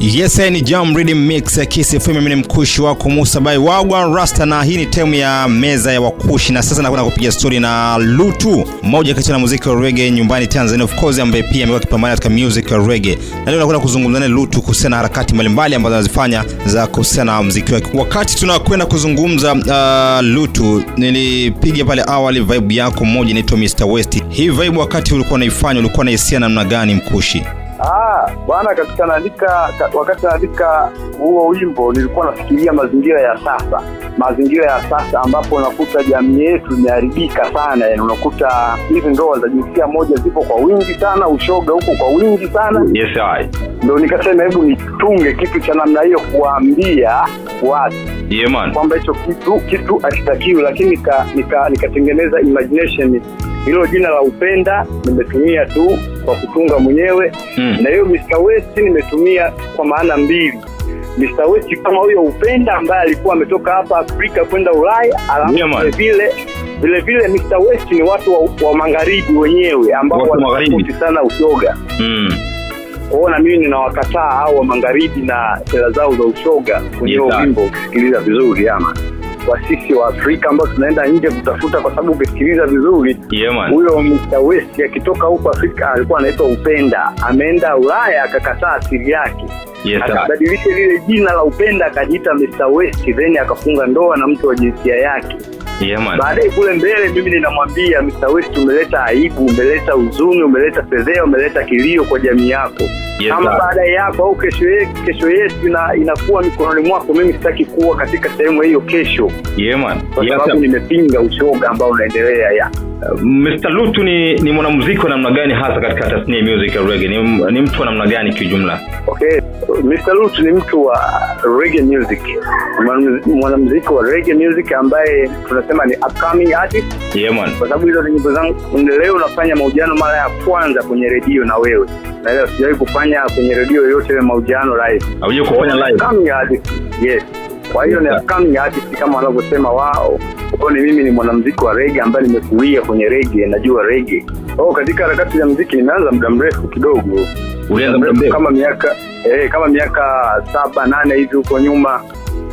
Yes, ni Jam Rhythm Mix Kiss FM. Mimi ni mkushi wako Musa Bai Wagwa Rasta, na hii ni temu ya meza ya wakushi, na sasa nakwenda kupiga stori na Lutu, mmoja kati ya muziki wa reggae nyumbani Tanzania, of course, ambaye pia amekuwa akipambana katika music ya reggae, na leo nakwenda kuzungumza naye Lutu kuhusiana na harakati mbalimbali ambazo anazifanya za kuhusiana na muziki wake. Wakati tunakwenda kuzungumza uh, Lutu, nilipiga pale awali vibe yako mmoja inaitwa Mr West. Hii vibe wakati ulikuwa unaifanya, ulikuwa na hisia namna gani mkushi? Bwana, katika naandika, wakati naandika huo wimbo nilikuwa nafikiria mazingira ya sasa, mazingira ya sasa ambapo unakuta jamii yetu imeharibika sana, yani unakuta hizi ndoa za jinsia moja zipo kwa wingi sana, ushoga huko kwa wingi sana. Yes, I. Ndio nikasema hebu nitunge kitu cha namna hiyo kuambia watu yeah, kwamba hicho kitu kitu hakitakiwi, lakini nikatengeneza nika, nika imagination hilo jina la upenda nimetumia tu kwa kutunga mwenyewe mm. na hiyo Mr West nimetumia kwa maana mbili Mr West kama huyo upenda ambaye alikuwa ametoka hapa Afrika kwenda Ulaya alafu vile vile vile Mr West ni watu wa, wa magharibi wenyewe ambao wanapoti sana ushoga mm kuona mimi ninawakataa au wa magharibi na sera zao za ushoga kwenye yes, wimbo ukisikiliza vizuri ama wa sisi wa Afrika ambao tunaenda nje kutafuta, kwa sababu ukisikiliza vizuri huyo Mr West akitoka huko Afrika alikuwa anaitwa Upenda, ameenda Ulaya akakataa asili yake yes, akabadilisha lile jina la Upenda akajiita Mr West, then akafunga ndoa na mtu wa jinsia yake yeah, baadaye kule mbele mimi ninamwambia Mr. West, umeleta aibu, umeleta huzuni, umeleta fedhea, umeleta kilio kwa jamii yako yes, ama baada ya hapo au kesho kesho yetu ina, inakuwa mikononi mwako. Mimi sitaki kuwa katika sehemu hiyo kesho, yeah, kwa sababu yes, nimepinga ushoga ambao unaendelea ya Uh, Mr. Lutu ni, ni mwanamuziki wa namna gani hasa katika tasnia music ya reggae? Ni, ni mtu wa namna gani kiujumla? Okay, Mr. Lutu ni mtu wa reggae music, mwanamuziki wa reggae music ambaye tunasema ni upcoming artist. Yeah man, kwa sababu hizo ni nyimbo zangu leo unafanya mahojiano mara ya kwanza kwenye redio na wewe na leo sijawahi kufanya kwenye redio yoyote ile mahojiano live. Hujawahi kufanya live? Upcoming artist, yes. Kwa hiyo ni upcoming artist kama wanavyosema wao kwani ni mimi ni mwanamziki wa rege ambaye nimekuia kwenye rege najua rege oh, katika harakati ya mziki nimeanza muda mrefu kidogo kama miaka eh, kama miaka saba nane hivi huko nyuma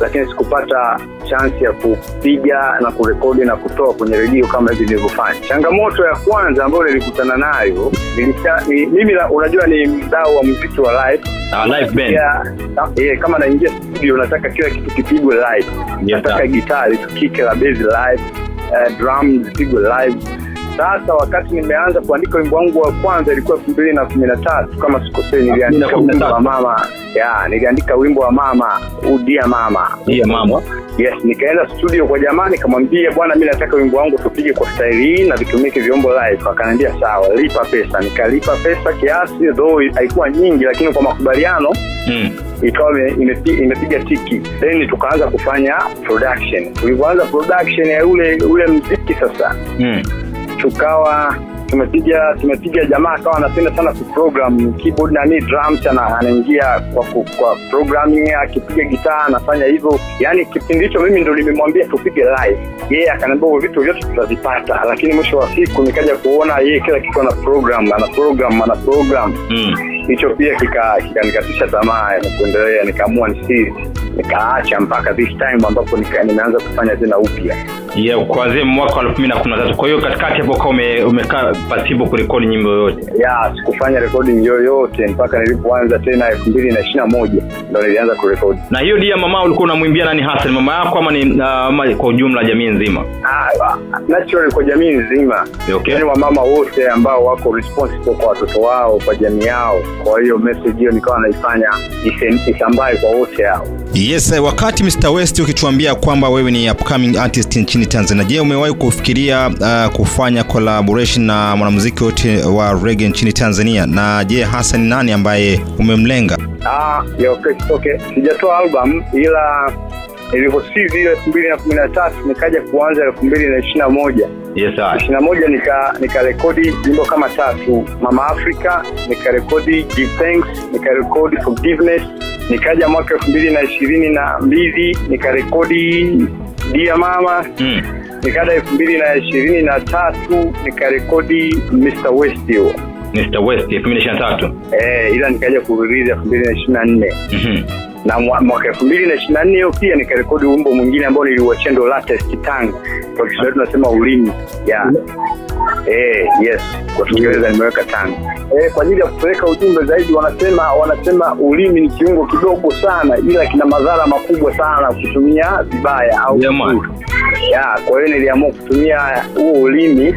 lakini sikupata chansi ya kupiga na kurekodi na kutoa kwenye redio kama hivi nilivyofanya. Changamoto ya kwanza ambayo nilikutana nayo mimi unajua ni mdau wa mziki wa live uh, live band yeah, kama naingia studio nataka kila kitu kipigwe live, nataka gitari tukike la bezi live, uh, eh, drum zipigwe live sasa wakati nimeanza kuandika wimbo wangu wa kwanza ilikuwa elfu mbili na kumi na tatu kama sikosei, niliandika wimbo wa mama ya, niliandika wimbo wa mama udia mama udia mama Yes, nikaenda studio kwa jamaa nikamwambia, bwana, mi nataka wimbo wangu tupige kwa staili hii na vitumike vyombo live. Akaniambia sawa, lipa pesa. Nikalipa pesa kiasi, though haikuwa nyingi, lakini kwa makubaliano mm. ikawa imepiga ime tiki, then tukaanza kufanya production. Tulivyoanza production ya ule ule mziki sasa mm tukawa tumepiga tumepiga jamaa akawa anapenda sana kuprogram keyboard na nini drums anaingia kwa, kwa, programming akipiga gitaa anafanya hivyo yani kipindi hicho mimi ndo nimemwambia tupige live yeye yeah, akaniambia hivyo vitu vyote tutavipata lakini mwisho wa siku nikaja kuona yeye kila kitu ana program ana program ana program mm. hicho mm. pia kikanikatisha kika, tamaa ya kuendelea nikaamua nisizi nikaacha mpaka this time ambapo nimeanza kufanya tena upya yeah, kuanzia mwaka wa elfu mbili na kumi na tatu kwa hiyo katikati hapo kaa ume, umekaa pasipo kurekodi nyimbo yoyote yeah, sikufanya rekodi yoyote mpaka nilipoanza tena elfu mbili na ishiri na moja ndo nilianza kurekodi na hiyo dia mama ulikuwa unamwimbia nani hasa ni mama yako ama ni ama kwa ujumla jamii nzima ah, ah naturally kwa jamii nzima okay. yani wamama wote ambao wako responsible kwa watoto wao kwa jamii yao kwa hiyo message hiyo nikawa naifanya isambae kwa wote hao Yes, eh, wakati Mr West ukituambia kwamba wewe ni upcoming artist nchini Tanzania, je, umewahi kufikiria uh, kufanya collaboration na mwanamuziki wote wa reggae nchini Tanzania? Na je, hasa ni nani ambaye umemlenga? Ah, yeah, okay, okay. Sijatoa album ila nilivyosivyo elfu mbili na kumi na tatu nikaja kuanza elfu mbili na ishirini na moja ishirini na moja nikarekodi nyimbo kama tatu, Mama Africa, nikarekodi Give Thanks, rekodi Forgiveness nikaja mwaka elfu mbili na ishirini na mbili nikarekodi dia mama mm. nikaja elfu mbili na ishirini na tatu nikarekodi Mr West hiyo Mr West 2023 eh, ila nikaja kurelease elfu mhm na hmm. mwaka nne hiyo pia nikarekodi wimbo mwingine ambao niliuachia ndo latest kwa Kiswahili tunasema ulimi yeah eh, yes kwa Kiingereza nimeweka tano eh, kwa ajili ya kupeleka ujumbe zaidi. Wanasema wanasema ulimi ni kiungo kidogo sana, ila kina madhara makubwa sana kutumia vibaya au ya, kwa hiyo niliamua kutumia huo ulimi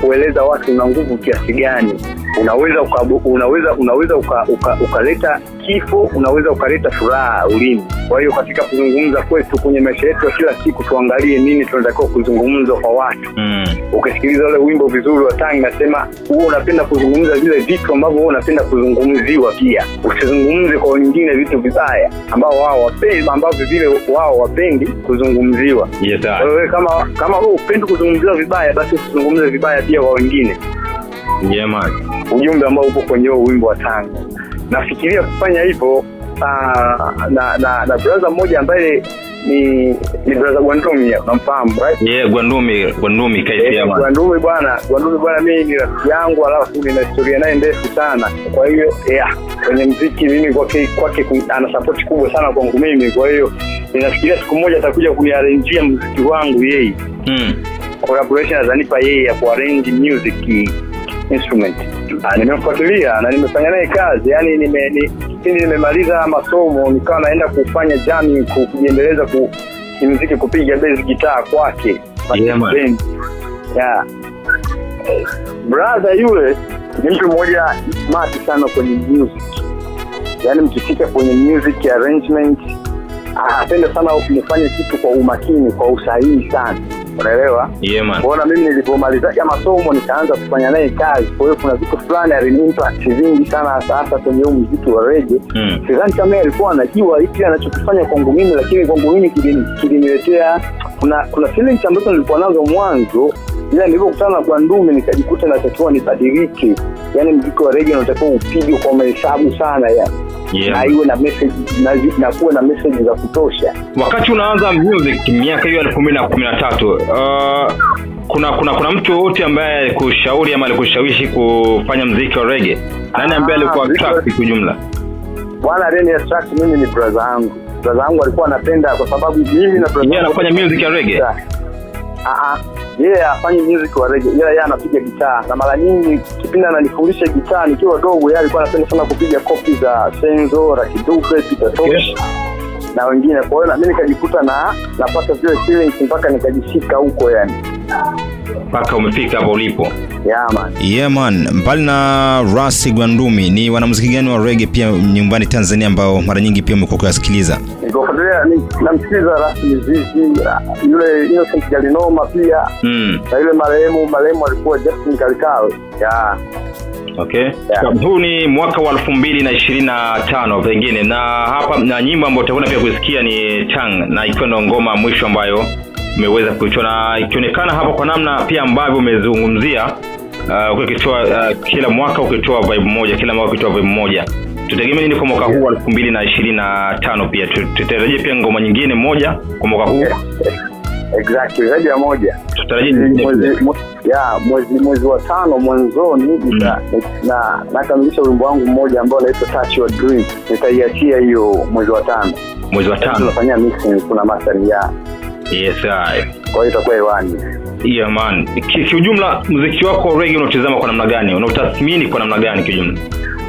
kueleza watu una nguvu kiasi gani, unaweza unaweza unaweza ukaleta uka, uka kifo unaweza ukaleta furaha ulimi. Kwa hiyo katika kuzungumza kwetu kwenye maisha yetu ya kila siku, tuangalie nini tunatakiwa kuzungumza kwa watu mm. Ukisikiliza ule wimbo vizuri wa Tangi nasema, huo unapenda kuzungumza vile vitu ambavyo wewe unapenda kuzungumziwa, pia usizungumze kwa wengine vitu vibaya ambao wao wapendi, ambavyo vile wao wapendi kuzungumziwa. Yes, wewe kama kama wewe upendi kuzungumziwa vibaya, basi usizungumze vibaya pia kwa wengine. Jamani, yeah, ujumbe ambao upo kwenye huo wimbo wa Tanga nafikiria kufanya hivyo ah, na na, na brother mmoja ambaye ni ni brother Gwandumi unamfahamu right? Yeah, Gwandumi Gwandumi KCM. Yeah, Gwandumi bwana, Gwandumi bwana mimi ni rafiki yangu alafu nina historia naye ndefu sana. Kwa hiyo yeah, kwenye mziki mimi kwake kwake ana support kubwa sana kwangu mimi. Kwa hiyo ninafikiria siku moja atakuja kuniarrangia mziki wangu yeye. Mm. Collaboration azanipa yeye ya kuarrange music instrument nimemfuatilia na nimefanya naye kazi yani nime, kipindi nimemaliza masomo nikawa naenda kufanya jami kujiendeleza ku, kimuziki kupiga gitaa kwake yeah, brother yule ni mtu mmoja mati sana kwenye music yaani mkifika kwenye music arrangement anapenda ah, sana kumfanya kitu kwa umakini kwa usahihi sana unaelewa? Yeah, man. mimi nilivyomalizaja masomo nikaanza kufanya naye kazi, kwa hiyo kuna vitu fulani aliniimpact vingi sana, hasa kwenye huu mziki wa rege. Mm. Sidhani kama alikuwa anajua hiki anachokifanya kwangu mimi, lakini kwangu mimi kiliniletea kuna kuna feelings ambazo nilikuwa nazo mwanzo ila nilivyokutana kwa Ndume nikajikuta natakiwa nibadilike, yani mziki wa rege unatakiwa upige kwa mahesabu sana ya yeah. na iwe na message na, na kuwe na message za kutosha. Wakati unaanza music miaka hiyo elfu mbili na kumi na tatu uh, kuna kuna kuna mtu yoyote ambaye alikushauri ama alikushawishi kufanya mziki wa rege? Nani ambaye ah, alikuwa attract kwa jumla? Bwana Reni attract mimi ni brother yangu. Brother yangu alikuwa anapenda kwa sababu mimi na brother yangu anafanya music ya rege. Ah ah yeye afanye music wa reggae ila yeye yeah, anapiga gitaa na mara nyingi kipindi ananifundisha gitaa nikiwa dogo yeye alikuwa anapenda sana kupiga kopi za Senzo, Rakidupe, Peter Tosh na wengine. Kwa hiyo mimi nikajikuta na napata zile feelings mpaka nikajishika huko yani mpaka umefika hapo ulipo. Yeah man. Yeah man. Mbali na Rasi Gwandumi, ni wanamuziki gani wa rege pia nyumbani Tanzania ambao mara nyingi pia umekuwa ukiwasikiliza? namsikiliza Rasi yule Innocent Galinoma pia mm. na yule marehemu marehemu alikuwa Justin Kalikalo. Yeah. Okay. Yeah. Huu ni mwaka wa elfu mbili na ishirini na tano pengine na hapa na nyimbo ambayo utakwenda pia kuisikia ni Chang na ikiwa ndo ngoma mwisho ambayo umeweza na ikionekana hapa kwa namna pia ambavyo umezungumzia uh, ukitoa uh, kila mwaka ukitoa vibe moja, kila mwaka ukitoa vibe moja tutegemea nini kwa mwaka huu wa elfu mbili na ishirini na tano pia tutarajie pia ngoma nyingine moja kwa mwaka huu exactly zaidi ya moja tutarajie mwezi mwezi mwezi wa tano mwanzoni mm. na nakamilisha wimbo wangu mmoja ambao unaitwa touch your dream nitaiachia hiyo mwezi wa tano mwezi wa tano tunafanyia mixing kuna masali ya Yes, Kwa hiyo itakuwa hewani. Yeah man. Kiujumla ki muziki wako wa reggae unautazama kwa namna gani? Unautathmini kwa namna gani kiujumla?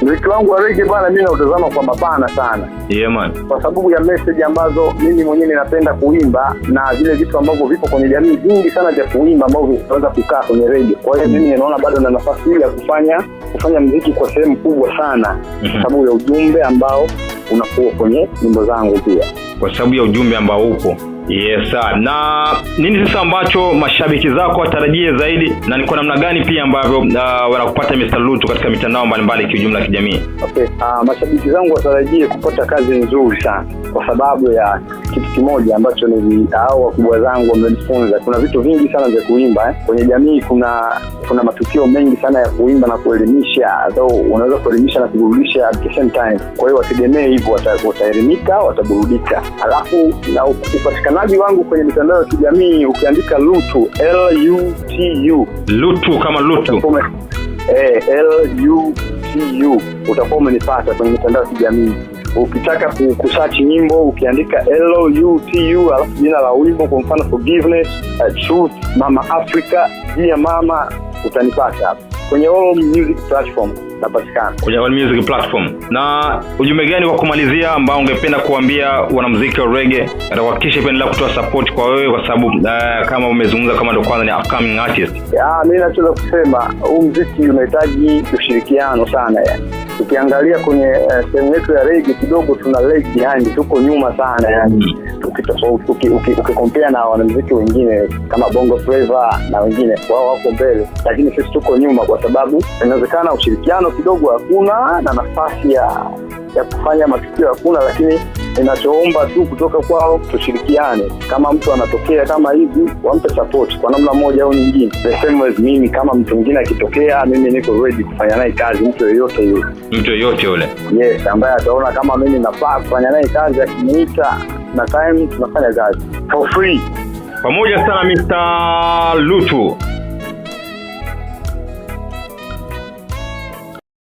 Muziki wangu wa reggae bana, mimi nautazama kwa mapana sana. Yeah man. Kwa sababu ya message ambazo mimi mwenyewe ninapenda kuimba na vile vitu ambavyo vipo kwenye jamii vingi sana vya kuimba ambavyo vinaweza kukaa kwenye reggae. Kwa hiyo mimi naona bado na nafasi hii ya kufanya kufanya muziki kwa sehemu kubwa sana kwa mhm. sababu ya ujumbe ambao unakuwa kwenye nyimbo zangu pia. Kwa sababu ya ujumbe ambao upo Yes, na nini sasa ambacho mashabiki zako watarajie zaidi na ni kwa namna gani pia ambavyo uh, wanakupata Mr. Lutu katika mitandao mbalimbali kiujumla kijamii? Okay. Uh, mashabiki zangu watarajie kupata kazi nzuri sana kwa sababu ya kitu kimoja ambacho ni au wakubwa zangu wamenifunza. Kuna vitu vingi sana vya kuimba eh. Kwenye jamii kuna kuna matukio mengi sana ya kuimba na kuelimisha, so unaweza kuelimisha na kuburudisha at the same time. Kwa hiyo wategemee hivyo, wataelimika, wataburudika, alafu na upatikana upatikanaji wangu kwenye mitandao ya kijamii ukiandika lutu lutu lutu kama lutu eh, lutu utakuwa umenipata kwenye mitandao ya kijamii ukitaka kusachi nyimbo ukiandika lutu alafu jina la wimbo kwa mfano forgiveness uh, truth mama africa jia mama utanipata hapa kwenye all music platform napatikana kwenye all music platform na ujumbe gani wa kumalizia ambao ungependa kuambia wanamuziki wa rege kuhakikisha pia endelea kutoa support kwa wewe kwa sababu uh, kama umezungumza kama ndo kwanza ni upcoming artist mi nachoweza kusema huu mziki unahitaji ushirikiano sana yani ukiangalia kwenye uh, sehemu yetu ya legi kidogo tuna legi behind, tuko nyuma sana yani mm. ukikompea na wanamuziki wengine kama bongo flava na wengine, wao wako mbele, lakini sisi tuko nyuma, kwa sababu inawezekana ushirikiano kidogo hakuna na nafasi ya ya kufanya matukio hakuna, lakini ninachoomba tu kutoka kwao, tushirikiane. Kama mtu anatokea kama hivi, wampe support kwa namna moja au nyingine, the same as mimi. Kama mtu mwingine akitokea, mimi niko ready kufanya naye kazi, mtu yoyote yule, mtu yoyote yule, yes, ambaye ataona kama mimi nafaa kufanya naye kazi, akiniita na time tunafanya kazi for free pamoja sana, Mr. Lutu